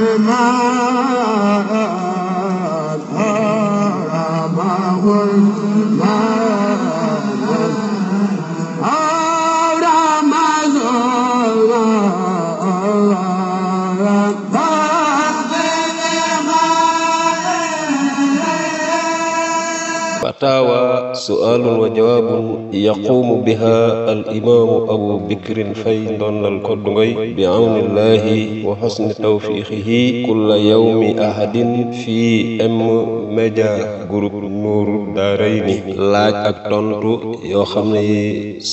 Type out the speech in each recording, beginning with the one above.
ma jawaabu yaquumu biha al imaamu abu bikrin fay ndondal koddu ngoy bi awnillahi wa xosni tawfiixihi kulla yawmi ahadin fii M Media Group nuuru daarayni laaj ak tontu yoo xam ne yi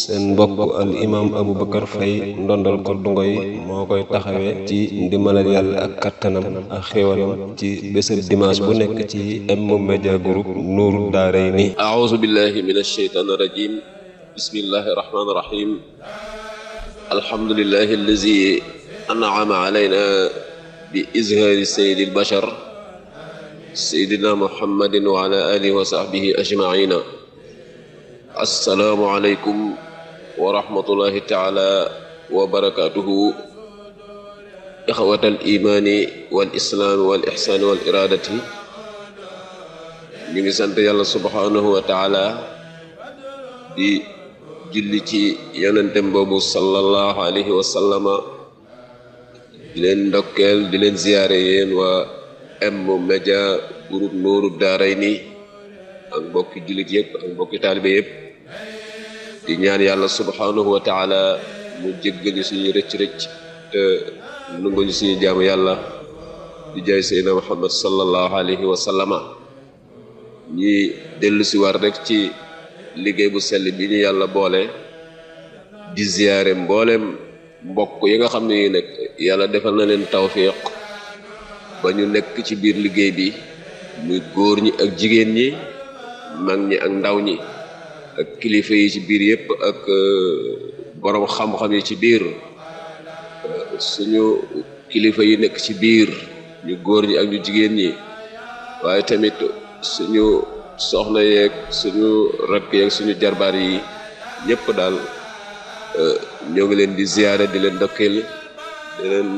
seen mbokk al imaam Aboubacar Faye ndondal ko dongo yi moo koy taxawee ci ndimbalal yàlla ak kattanam ak xéwalam ci bésëb dimanche bu nekk ci M Media Group nuuru daarayni a'uuzu billahi minash shaytaanir rajiim bismillahir rahmaanir rahiim alhamdulillahi allazi an'ama alayna bi izhaari sayyidil bashar seydina muhammadin wa ala alihi wa sahbihi ajmaina assalaamu aleykum wa rahmatullahi taala wa barakatuhu ixwat al imaani wal islaami wal ixsaani wal iraadati ñu ngi sant yàlla subhaanahu wa taala di julli ci yonentem boobu sallallahu alayhi wa sallama di leen ndokkeel di leen ziyaare yéen waa M Média groupe Nourou Daarayni ak mbokki jullit yëpp ak mbokki taalibe yëpp di ñaan yàlla subhaanahu wa taala ñu suñu rëcc-rëcc te nangu ñu suñu jaamu yàlla di jaay seydna Muhammad sallallahu alayhi wa sallama ñi war rek ci liggéey bu sell bi ñu yàlla boole di mboole mbokk yi nga xam ne yi yàlla defal na leen tawfiq ba ñu nekk ci biir liggéey bi muy góor ñi ak jigéen ñi mag ñi ak ndaw ñi ak kilifa yi ci biir yëpp ak euh, borom xam-xam yi ci biir euh, suñu kilifa yi nekk ci biir ñu góor ñi ak ñu jigéen ñi waaye tamit suñu soxna yeeg suñu rakk yeeg suñu jarbaar yi ñépp daal euh, ñoo ngi leen di ziyaare di leen ndokkeel di leen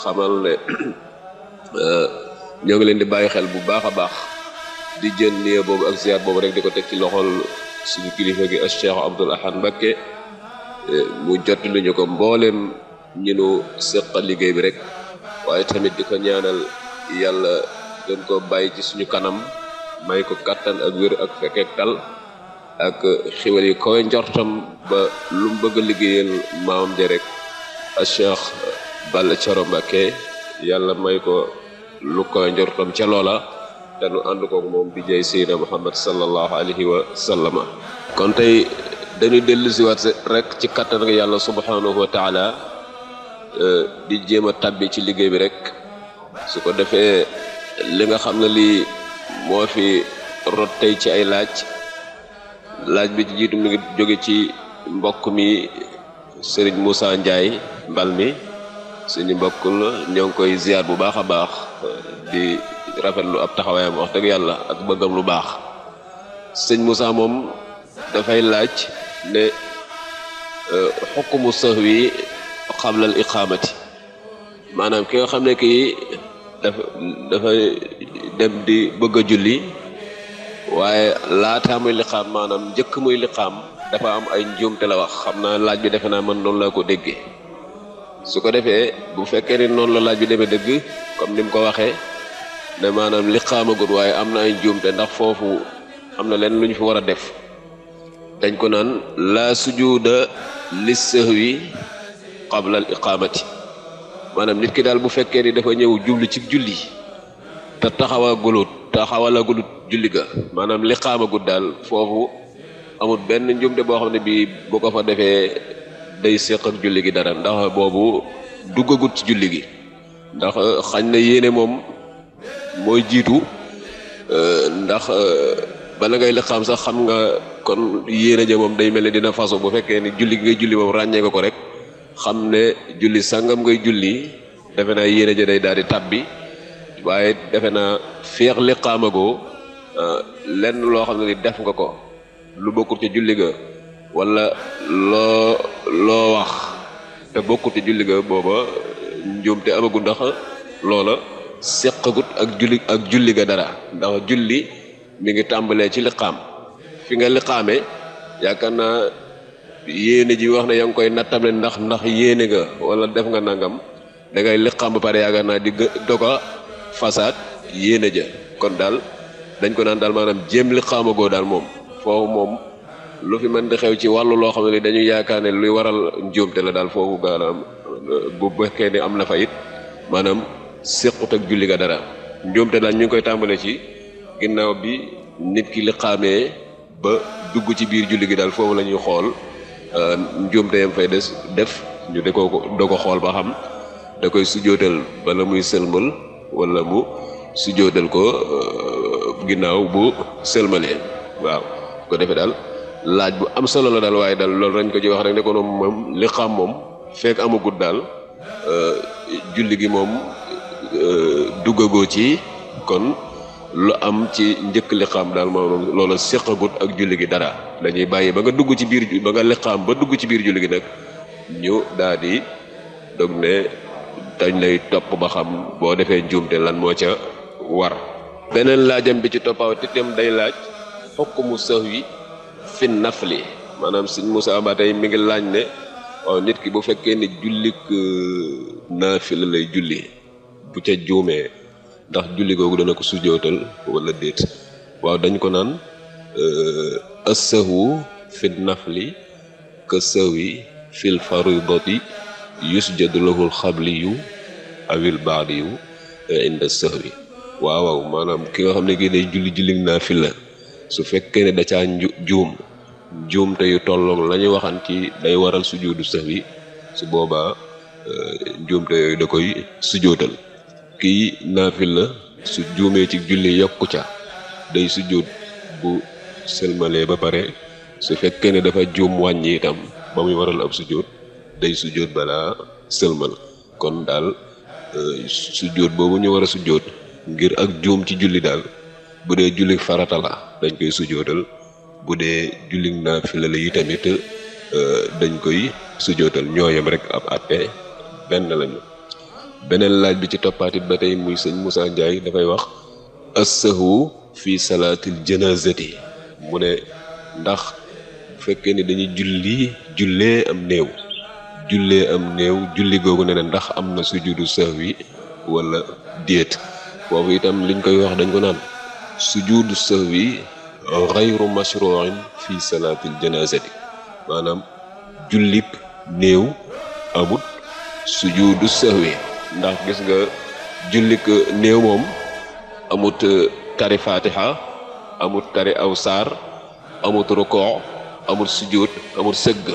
xamal ne Euh, ñoo ngi leen di bàyyi xel bu baax a baax di jël niyya boobu ak ziar boobu rek di ko teg ci loxol suñu kilifa gi ak Cheikh Abdoul Ahad Mbacké euh, mu jot luñu ko mbooleem ñu nu seqal liggéey bi rek waaye tamit di ko ñaanal yàlla gën ko bàyyi ci suñu kanam may ko kàttan ak wér ak fekkeek tal ak xiwal yi koy njortam ba lu mu bëgg a liggéeyal maamam ja rek ak Cheikh Balla Thioro Mbacké yàlla may ko lu koy njortam ca loola te nu ànd kook moom bi jay seydina muhammad sallallahu alayhi wa sallama kon tey dañu dellu siwaat rek ci kattan nga yàlla subhanahu wa taala e, di jéem a tabbi ci liggéey bi rek su ko defee li nga xam ne lii moo fi rot tey ci ay laaj laaj bi jiitu mi ngi jóge ci mbokk mi sëriñ Moussa Ndiaye mbal mi suñu mbokk la ñoo koy ziar bu baax a baax di rafetlu ab taxawaayam wax dëgg yàlla ak bëggam lu baax sëñ Moussa moom dafay laaj ne xukkumu euh, sëx wi xablal iqaamati maanaam ki nga xam ne kii dafa dafa dem di bëgg a julli waaye laataa muy liqaam maanaam njëkk muy liqaam dafa am ay njuumte la wax xam naa laaj bi defe naa man loolu laa ko déggee su ko defee bu fekkee ni noonu la laaj bi demee dëgg comme ni mu ko waxee ne maanaam li xaamagut waaye am na ay njuumte ndax foofu am na leen lu ñu fi war a def dañ ko naan laa sujuuda li sahwi qabla al iqaamati maanaam nit ki daal bu fekkee ni dafa ñëw jublu ci julli te taxawagulut taxawalagulut julli ga maanaam li xaamagut daal foofu benn njuumte boo xam ne bii bu ko fa defee day séq ak julli gi dara ndax boobu duggagut ci julli gi ndax euh, xañ na yéene moom mooy jiitu euh, ndax euh, bala ngay liqaam sax xam nga kon yéene ja moom day mel ne dina faso bu fekkee ni julli gi ngay julli moom ràññee nga ko rek xam ne julli sangam ngay julli defe naa yéene ja day daal di tàbbi waaye defe naa féex liqaamagoo lenn loo xam ne ni def nga ko lu bokkul ca julli ga wala loo loo wax te bokku ci julli ga booba njuum te amagu ndax loola séqagut ak julli ak julli ga dara ndax julli mu ngi tàmbalee ci liqaam fi nga liqaamee yaakaar naa yéene ji wax ne yaa ngi koy nattam nattable ndax ndax yéene nga wala def nga nangam dangay ngay liqaam ba pare yaakaar naa di doga fasaad yéene ja kon daal dañ ko naan daal maanaam jéem liqaamagoo daal moom foofu moom lu fi mën di xew ci wàllu loo xam ne dañu yaakaar ne luy waral njuumte la daal foofu maanaam bu bëkkee ne am na fa it maanaam séqut ak julli ga dara njuumte daal ñu koy tàmbalee ci ginnaaw bi nit ki li xaamee ba dugg ci biir julli gi daal foofu la ñuy xool euh, njuumte fay des def ñu de ko doo ko xool ba xam da koy sujootal bala muy sëlmal wala mu sujootal ko euh, ginnaaw bu sëlmalee waaw ko defee daal laaj bu am solo la daal waaye daal loolu dañ ko ci wax rek ne ko noonu moom li xam moom fekk amagut daal euh, julli gi moom euh, duggagoo ci kon lu am ci njëkk liqaam daal moom loola séqagut ak julli gi dara dañuy bàyyi ba nga dugg ci biir ba nga liqaam ba dugg ci biir julli gi nag ñu daal dog ne dañ lay topp ba xam boo defee njuumte lan moo ca war beneen laajam bi ci toppaaw te itam day laaj xokk mu sëx wi fi nafli maanaam sëñ Moussa ba tey mi ngi laaj ne waaw nit ki bu fekkee ne jullik euh, naafila lay julli bu ca juumee ndax julli googu dana ko sujootal wala déet waaw dañ ko naan euh, assahu fi nafli ka sawi fil faridati yusjadu lahul xabliyu awil baadiyu inda sahwi waaw waaw maanaam ki nga xam ne kii day julli jullik naafila su fekkee ne da caa juum juumte yu tolloog la ñu waxan ci day waral sujuudu sahwi su boobaa euh, juumte yooyu da koy sujootal kii naafil la su juumee ci julli yokku ca day sujoot bu sëlmalee ba pare su fekkee ne dafa juum wàññi itam ba muy waral ab sujoot day sujoot balaa sëlmal kon daal euh, sujoot boobu ñu war a sujoot ngir ak juum ci julli daal bu dee julli farata la dañ koy sujootal bu dee julli naafila la yi tamit euh, dañ koy sujootal ñooyam rek ab atte benn lañu beneen laaj bi ci toppaatit ba tey muy sëñ Moussa Ndiaye dafay wax assahu fi salaatil janazati mu ne ndax bu fekkee ni dañuy julli jullee am néew jullee am néew julli googu ne ne ndax am na sujudu sahwi wala déet foofu tam liñ koy wax dañ ko naan sujuudu sahwi xayru mashruin fi salaatil janaazati maanaam jullib néew amut sujuudu sahwi ndax gis nga jullik néew moom amut kari fatiha amut kari aw saar amut rukoo amut sujuud amut sëgg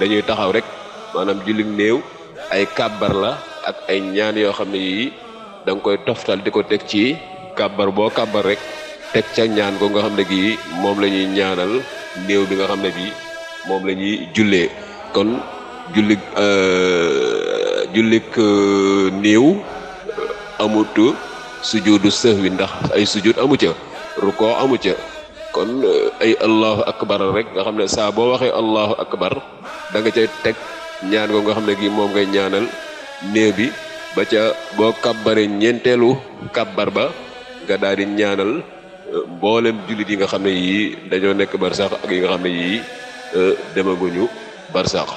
dañuy taxaw rek maanaam jullik néew ay kàbbar la ak ay ñaan yoo xam ne yii koy toftal di ko teg ci kàbbar boo kàbbar rek teg ca ñaan ko nga xam ne gii moom la ñuy ñaanal néew bi nga xam ne bii moom la ñuy jullee kon jullik euh, jullik euh, néew amut sujudu sahwi ndax ay sujud amu ca ruko amu ca kon euh, ay allahu akbar rek nga xam ne saa boo waxee allahu akbar da nga cay teg ñaan ko nga xam ne gi moom ngay ñaanal néew bi ba ca boo kàbbare ñeenteelu kàbbar ba nga daal di ñaanal mboolem jullit yi nga xam ne yii dañoo nekk barsax ak yi nga xam ne yii euh, demaguñu barsax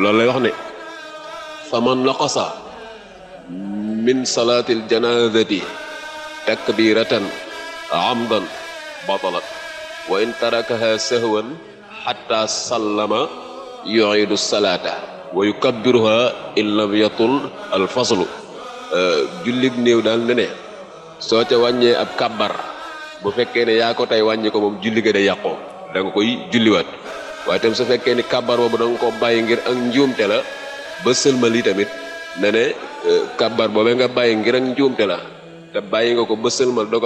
loolu lay wax ne faman naqasa min salaatil janaazati takbiratan amdan batalat wa in tarakaha sahwan xatta sallama yuidu salaata wa yukabbiruha in lam yatul al faslu euh, jullig néew daal ne soo ca wàññee ab kàbbar bu fekkee ne yaa ko tey wàññi ko julli ga day yàqoo da nga koy julliwaat waaye tam su fekkee ni kàbbar boobu da nga ko bàyyi ngir ak njuumte la ba sëlmal tamit ne ne e, kàbbar nga bàyyi ngir ak njuumte la te bàyyi nga ko ba sëlmal doo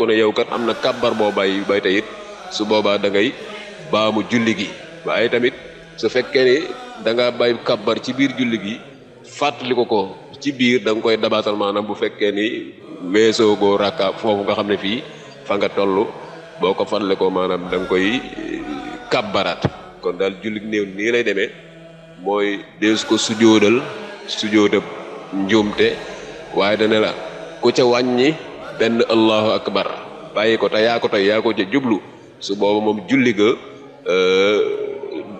ko ne yow kat am na kàbbar bàyyi bay tey su boobaa da ngay baamu julli gi waaye tamit su fekkee da nga bàyyi kàbbar ci biir julli gi fàttaliku ko ko ci biir danga nga koy dabaatal maanaam bu fekkee ni weesoo goo rakka foofu nga xam ne fii fa nga toll boo ko fanle ko maanaam da nga koy eh, kàbbaraat kon daal jullit néew nii lay deme mooy dees ko sujjóodal sujjóodab njuumte waaye dane la ku ca wàññi benn allahu akbar bàyyi ko te yaa ko ca jublu su booba moom julli ga eh,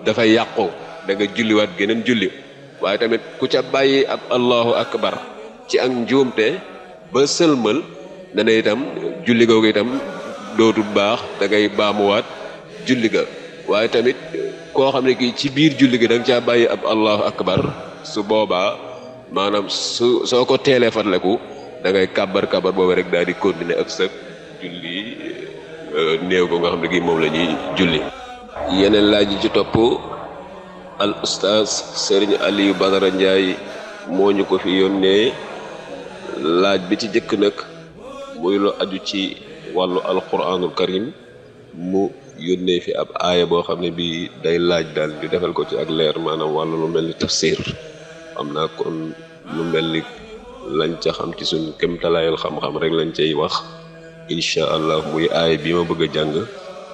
dafay yàqu da nga julliwaat geneen julli waaye tamit ku ca bàyyi ab allahu akbar ci ak njuumte ba sëlmal dana itam julli googu itam dootul baax dangay ngay baamuwaat julli ga waaye tamit koo xam ne gi ci biir julli gi da ca bàyyi ab allahu akbar su boobaa maanaam su soo ko teelee fatleku da ngay kàbbar kàbbar boobu rek daal di continuer ak sa julli euh, néew nga xam ne kii moom lañuy ñuy julli. yeneen laaj yi ci topp al oustaz Serigne Aliou Badara Ndiaye moo ko fi yónnee laaj bi ci jëkk nag. muy lu aju ci wàllu alquranul karim mu yónnee fi ab aaya boo xam ne bii day laaj daal ñu defal ko ci ak leer maanaam wàllu lu mel ni tafsir xam naa kon lu mel ni lañ ca xam ci suñ kémtalaayul xam-xam rek lañ cay wax incha allah muy aaya bi ma bëgg a jàng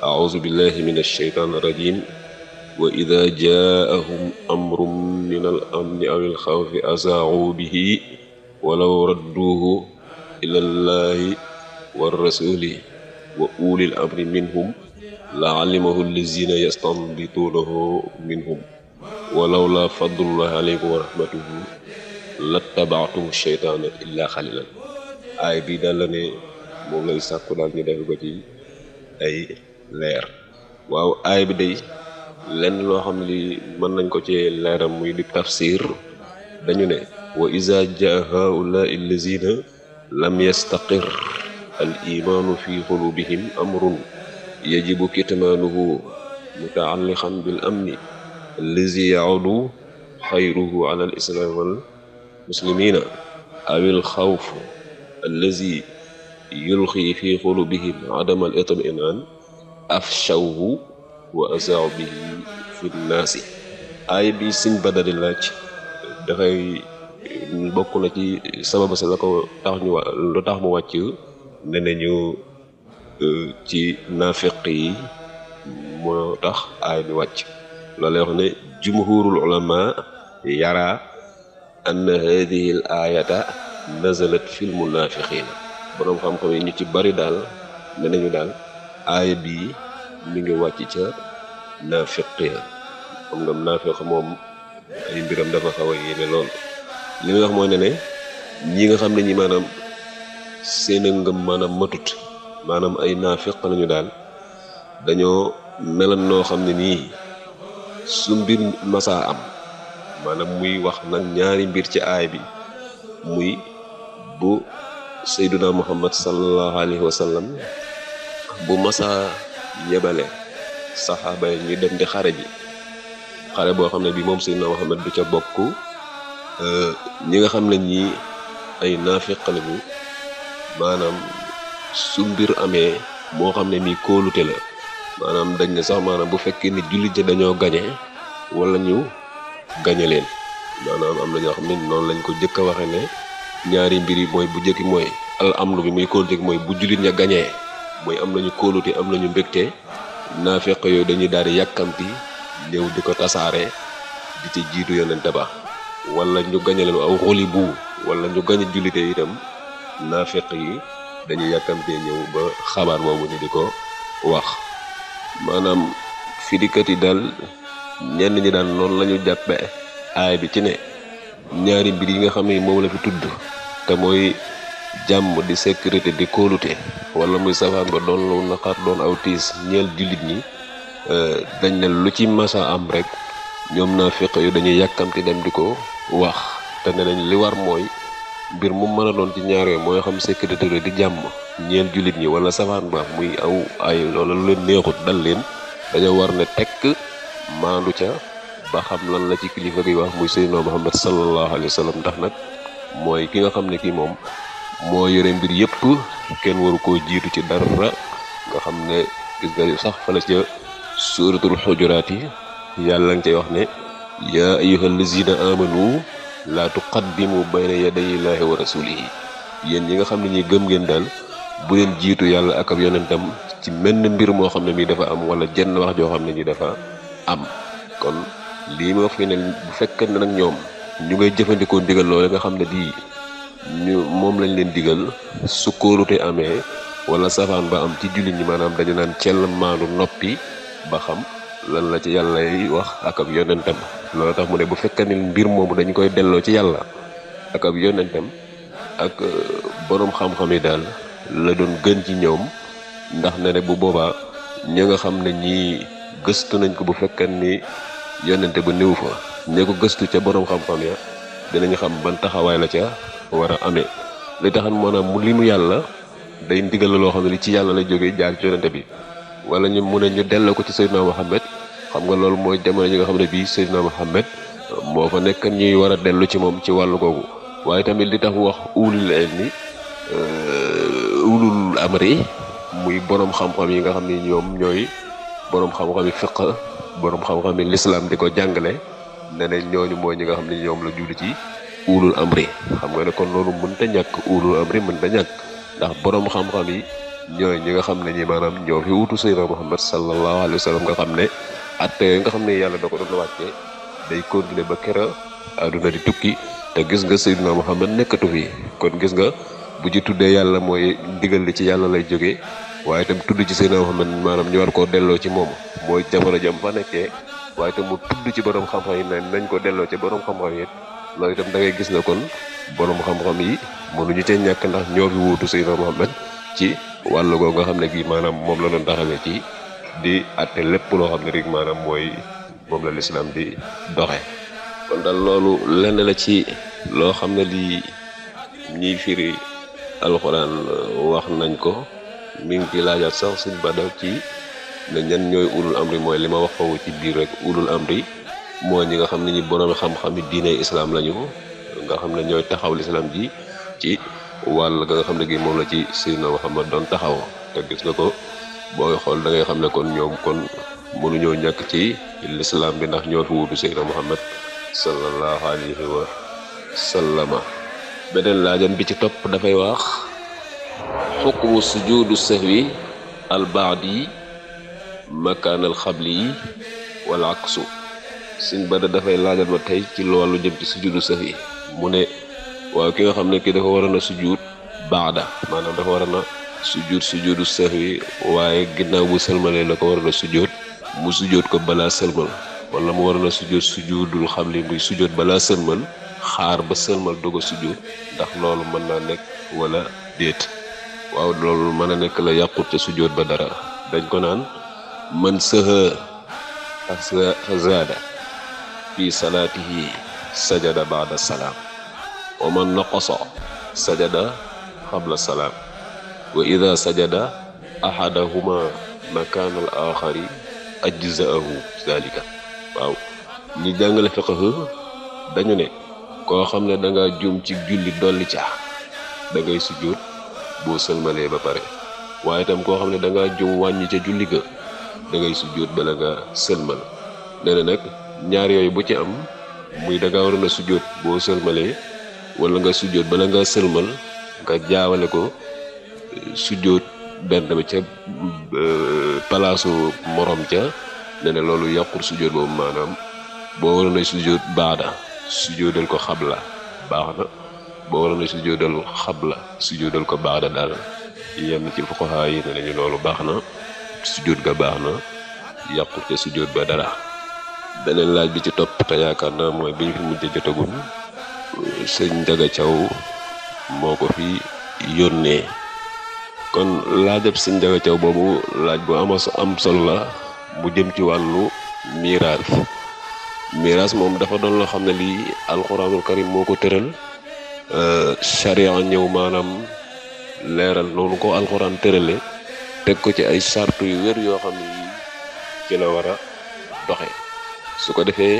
auzu billahi min alsheytan rajim wa ida jaahum amrum min al aw il xawfi asaau walaw radduuhu ilallahi wa rasuli wa ulil amri minhum la alimahu allazina yastanbituunahu minhum walaw la fadlullahi aleykum wa rahmatuhu lattabaatum sheytaana illa xalilan aay bi daal la ne moom lay sàkku daal ñu def ko ci ay leer waaw aay bi day lenn loo xam li mën nañ ko ci leeram muy di tafsir dañu ne wa iza jaa haula allazina lam yastaqir al imaanu fi qulubihim amrun yajibu kitmaanuhu mutaalliqan bil amni allazi yacudu xayruhu ala al islaam wal muslimina aw al xawf allazi yulqi fi qulubihim adama al itminaan afshawhu wa azaaw bihi fi nnaasi aay bi siñ badari laaj dafay bokk na ci sababu si la ko tax ñu wa lu mu wàcc ne nañu euh, ci naafeq yi moo tax aay bi wàcc loolu lay wax ne jumhurul ulama yara anna hadihi ayata nazalat fil munafiqina boroom xam-xam yi ñu ci bari daal ne nañu daal aaya bii mi ngi wàcc ca naafiq ya xam nga naafiq moom ay mbiram dafa xaw a yéeme lool li muy wax ne ñi nga xam ne ñi maanaam seen a ngëm maanaam matut maanaam ay naafiq lañu daal dañoo melan noo xam ne nii su mbir masaa am maanaam muy wax nag ñaari mbir ci aay bi muy bu sayduna muhammad sallallahu alayhi wa sallam bu masaa yebale saxaaba yi ñu dem di xare ji xare boo xam ne bii moom sayduna muhammad du ca bokk ñi nga xam ne ñii ay naafiq lañu maanaam su mbir amee moo xam ne nii kóolute la maanaam dañ ne sax maanaam bu fekkee ni jullit ja dañoo gañe wala ñu gañe leen maanaam am na ñoo xam ne noonu lañ ko jëkk a waxe ne ñaari mbir yi mooy bu jëkki mooy al amnu bi muy kóolute mooy bu jullit ña gañee mooy am nañu kóolute am nañu mbégte naafeq yooyu dañuy daal di yàkkamti ñëw di ko tasaare di ci jiitu yonente ba walla ñu gañe leen aw xoli bu wala ñu gañe jullite itam naafeq yi dañuy yàkkamtee ñëw ba xabaar boobu ñu di ko wax maanaam firikat yi daal ñenn ñi daan noonu la ñu jàppe aay bi ci ne ñaari mbir yi nga xam ne moom la fi tudd te mooy jàmm di sécurité di kóolute wala muy safaan ba doon lu naqar doon aw tiis ñeel jullit ñi euh, dañ ne lu ci masa am rek ñoom na féq yu dañuy yàkkamti dem di ko wax te ne nañ li war mooy mbir mu mën a doon ci ñaar yooyu mooy xam sécurité la di jàmm ñeel jullit ñi wala safaan ba muy aw ay loola lu leen neexut dal leen dañoo war ne tekk maandu ca ba xam lan la ci kilifa gi wax muy Seydina Muhammad sallallahu alayhi wa sallam ndax nag mooy ki nga xam ne kii moom moo yore mbir yëpp kenn waru ko jiitu ci dara nga xam ne gis nga sax fa la ca suuratul xujuraat yi yàlla nga cay wax ne yaa ayyuhal lazina amanu laa tuqaddimu bayna yaday illaahi wa rasulihi yéen ñi nga xam ne ñi gëm ngeen daal bu leen jiitu yàlla ak ab yonentam ci menn mbir moo xam ne mi dafa am wala jenn wax joo xam ne ñi dafa am kon lii ma wax ne bu fekk ne nag ñoom ñu ngay jëfandikoo ndigal loolu nga xam ne di ñu moom lañ leen digal su kóolute amee wala safaan ba am ci jullit ñi maanaam dañu naan cell maanu noppi ba xam lan la ci yàlla yi wax ak ab yonentam loolu tax mu ne bu fekkee ni mbir moomu dañ koy delloo ci yàlla ak ab yonentam ak euh, boroom xam-xam yi daal la doon gën ci ñoom ndax ne ne bu boobaa ñi nga xam ne ñii gëstu nañ ko bu fekkee ni yonente ba néew fa ñi ko gëstu ca boroom xam-xam ya dinañ xam ban taxawaay la ca war a amee li taxan maanaam mu limu yàlla day ndigal loo xam ne li ci yàlla la jógee jaar ci yonente bi wala ñu mun ne ñu delloo ko ci Seydina Mohamed xam nga loolu mooy jamono ñi nga xam ne bii Seydina Mohamed moo fa nekk ñuy war a dellu ci moom ci wàllu kooku waaye tamit li tax mu wax ulul ilmi euh, ulul amri muy boroom xam-xam yi nga xam ni ñoom ñooy boroom xam-xam yi fiq borom xam-xam yi lislaam di ko jàngale ne ne ñooñu mooy ñi nga xam ne ñoom la julli ci ulul amri xam nga ne kon loolu mënta ñàkk ulul amri mënta ñàkk ndax borom xam-xam yi. ñooy ñi nga xam ne ñi maanaam ñoo fi wutu sayyidina Muhammad sallallahu alayhi wa sallam nga xam ne atte yooyu nga xam ne yàlla da ko doon wàccee day continuer ba kera àdduna di tukki te gis nga sayyidina Muhammad nekkatu fi kon gis nga bu ji tuddee yàlla mooy ndigal li ci yàlla lay jóge waaye itam tudd ci sayyidina Muhammad maanaam ñu war koo delloo ci moom mooy jamono jam fa nekkee waaye tam mu tudd ci borom xam-xam yi nañ ko delloo ci borom xam-xam yi loolu itam da ngay gis ne kon borom xam-xam yi mënuñu cee ñàkk ndax ñoo fi wuutu sayyidina Muhammad ci wàll nga xam ne gi maanaam moom la doon taxawee ci di atte lépp loo xam ne rek maanaam mooy moom la lislaam di doxe kon daal loolu lenn la ci loo xam ne lii ñiy firi alxuraan euh, wax nañ ko mi ngi ci laajaat sax suñ badaw ci ne ñan ñooy ulul amri mooy li ma wax foofu ci biir rek ulul amri mooy ñi nga xam ne ñi boroomi xam-xami diine islaam lañu nga xam ne ñooy taxaw lislaam ji ci wàll ga nga xam ne gi moom la ci Seydina Muhammad doon taxaw te gis nga ko booy xool dangay xam ne kon ñoom kon mënuñoo ñàkk ci lislaam bi ndax ñoo fi wuutu Seydina Muhammad sallallahu alayhi wa sallama beneen laajam bi ci topp dafay wax xukmu sujudu sahwi al baadi yi al xabli yi wala aksu suñ bada dafay laajal ma tey ci wàllu jëm ci sujudu sahwi mu ne waaw ki nga xam ne kii dafa waroon a sujjuut baada maanaam dafa waroon a sujjuut sujjuutu seef yi waaye ginnaaw bu sëlmalee la ko waroon a sujjuut mu sujjuut ko balaa sëlmal wala mu waroon a sujjuut sujjuutul xam li muy sujjuut balaa sëlmal xaar ba sëlmal doog a ndax loolu mën naa nekk walla déet waaw loolu mën a nekk la yàqut ca sujjuut ba dara dañ ko naan mën sëha zaada fi salaatihi sajada baada salaam wa man naqasa sajada xabla salaam wa ida sajada ahadahuma makaana al axari ajzaahu zalika waaw ñi jàngale fiqh dañu ne koo xam ne danga nga juum ci julli dolli ca da ngay sujjóot boo sëlmalee ba pare waaye itam koo xam ne da nga wàññi ca julli ga da ngay sujjóot bala nga sëlmal nee nag ñaar yooyu bu ci am muy da nga sujjóot boo sëlmalee wala nga sujjoot bala nga sëlmal nga jaawale ko sujjoot benn ba ca euh, palaasu moroom ca ne ne loolu yàqul sujjoot boobu maanaam boo waroon a sujjoot baada sujjoodal ko xabla baax na boo waroon a sujjoodal xabla sujjoodal ko baada daal yenn ci fuqaha baax na sujjoot ga baax na yàqul ca sujjoot ba dara beneen laaj bi ci topp te yaakaar naa mooy bi ñu fi mujj jotagum sëñ Njaga Thiaw moo ko fi yónnee kon laajab sëñ Njaga Thiaw boobu laaj bu ama am solo la mu jëm ci wàllu miraas miraas moom dafa doon loo xam ne lii alxuraanul karim moo ko tëral charia euh, ñëw maanaam leeral noonu ko alxuraan tërale teg ko ci ay sartu yu wér yoo xam ne ci la war a doxe su ko defee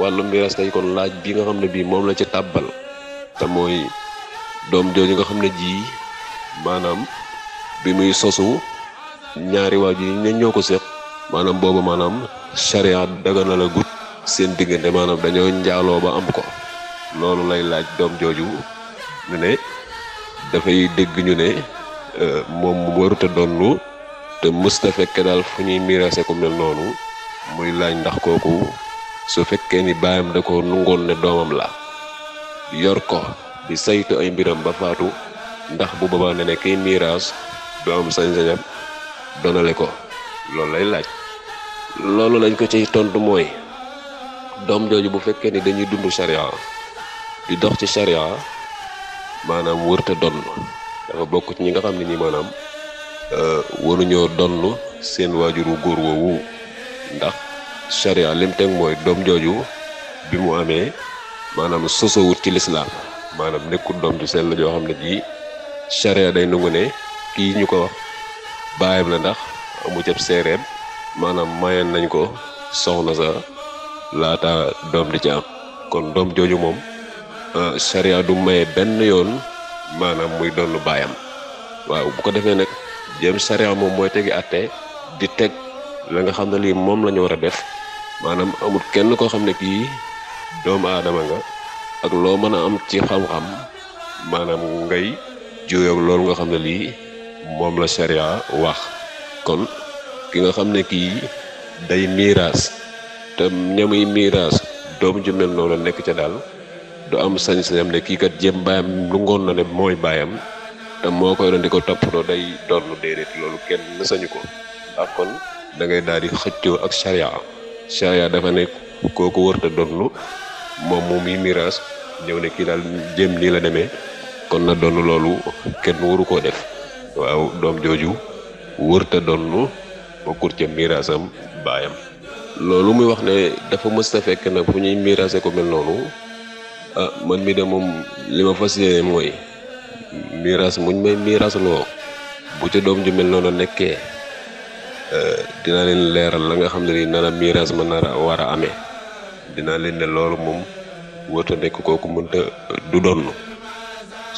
wàllu miraas tey kon laaj bi nga xam ne bii moom la ci tàbbal te mooy doom jooju nga xam ne jii maanaam bi muy sosu ñaari waajur yi ñoo ko seq maanaam boobu maanaam charia dagana la gut seen diggante maanaam dañoo njaaloo ba am ko loolu lay laaj doom jooju ñu ne dafay dégg ñu ne euh, moom mu warut a donn te mësta fekke daal fu ñuy miraase ku mel noonu muy laaj ndax kooku su fekkee ni baayam da ko nungoon ne doomam la yor ko di saytu ay mbiram ba faatu ndax bu boobaa ne ne kiy miiraas du sañ-sañam donale ko loolu lay laaj loolu lañ ko ci tontu mooy doom jooju bu fekkee ni dañuy dundu charia di dox ci charia maanaam wërta donn dafa bokk ñi nga xam ne ñi maanaam euh, waruñoo donn seen waajuru góor woowu ndax sharia lim teg mooy doom jooju bi mu amee maanaam sosowut ci lislaam maanaam nekkul doom ju sell joo xam ne ji sharia day nangu ne kii ñu ko wax baayam la ndax amu cab seereem maanaam mayen nañ ko soxna sa laata doom di ci am kon doom jooju moom euh, sharia du maye benn yoon maanaam muy doon lu baayam waaw bu ko defee nag jéem sharia moom mooy tegi àtte di teg la nga xam ne lii moom lañu ñu war a def maanaam amul kenn koo xam ne kii doomu aadama nga ak loo mën a am ci xam-xam maanaam ngay juyoog loolu nga xam ne lii moom la sharia wax kon ki nga xam ne kii day miiraas te ñamuy miiraas doom ju mel noonu nekk ca daal du am sañ-sañam ne kii kat jëm baayam lu ngoon na ne mooy baayam te moo koy doon di ko toppatoo day doon déedéet loolu kenn sañu ko ndax kon da ngay daal di xëccoo ak charia charia dafa ne kooku wërta donn moom mu muy miraas ñëw ne kii daal jëm nii la demee kon na donn loolu kenn waru koo def waaw doom jooju wërta donn bokkul ca miraasam baayam loolu muy wax ne dafa mësta fekk nag fu ñuy miraase ko mel noonu ah, man mi de moom li ma fas yéene mooy miraas muñ may miraas bu ca doom ju mel noonu nekkee Euh, dina leen leeral la nga xam ne ni nana miraas ma nar a war a amee dina leen ne loolu moom wërta nekk kooku mënta euh, du donn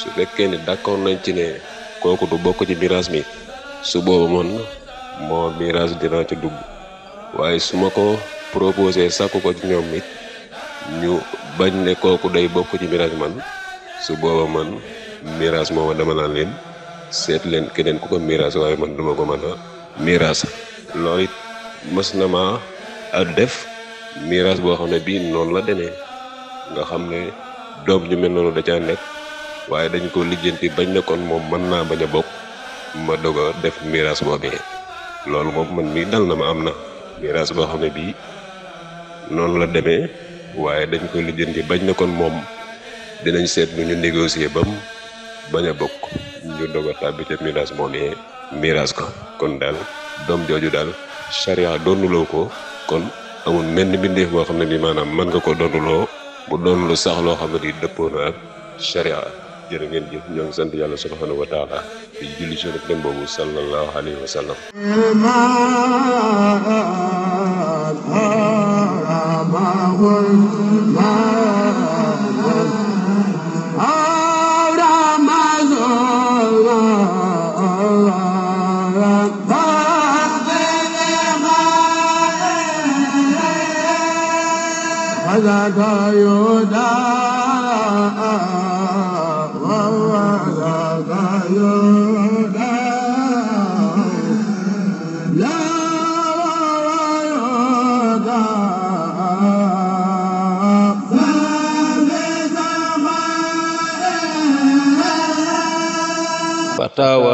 su fekkee ni d'accord nañ ci ne kooku du bokk ci miraas mi su booba man mirage miraas dina ci dugg waaye su ma ko proposé sàkku ko ci ñoom kooku day bokk ci miraas man su booba man miraas mooma dama leen seet leen keneen ku ko miraas waaye man duma ko mën a miiras loolu it mës na ma adu def miiras boo xam ne bii noonu la demee nga xam ne doom ju mel da caa waaye dañ ko lijjanti bañ ne kon moom mën naa bañ a bokk ma doog def def boo boobee loolu moom man mii dal na ma am na miiras boo xam ne bii noonu la demee waaye dañ ko lijjanti bañ ne kon moom dinañ seet nu ñu négocier ba mu bañ a bokk ñu doog a tàbbi ca miraas moomee miraas ko kon daal doom jooju daal charia doonuloo ko kon amul menn mbindeef boo xam ne ni maanaam man nga ko doonuloo bu doonulu sax loo xam ne ni dëppoo na ak charia jërë ngeen jëf ñoo ngi sant yàlla subhanahu wa taala di julli sunu dem boobu sallallahu alayhi wa tawa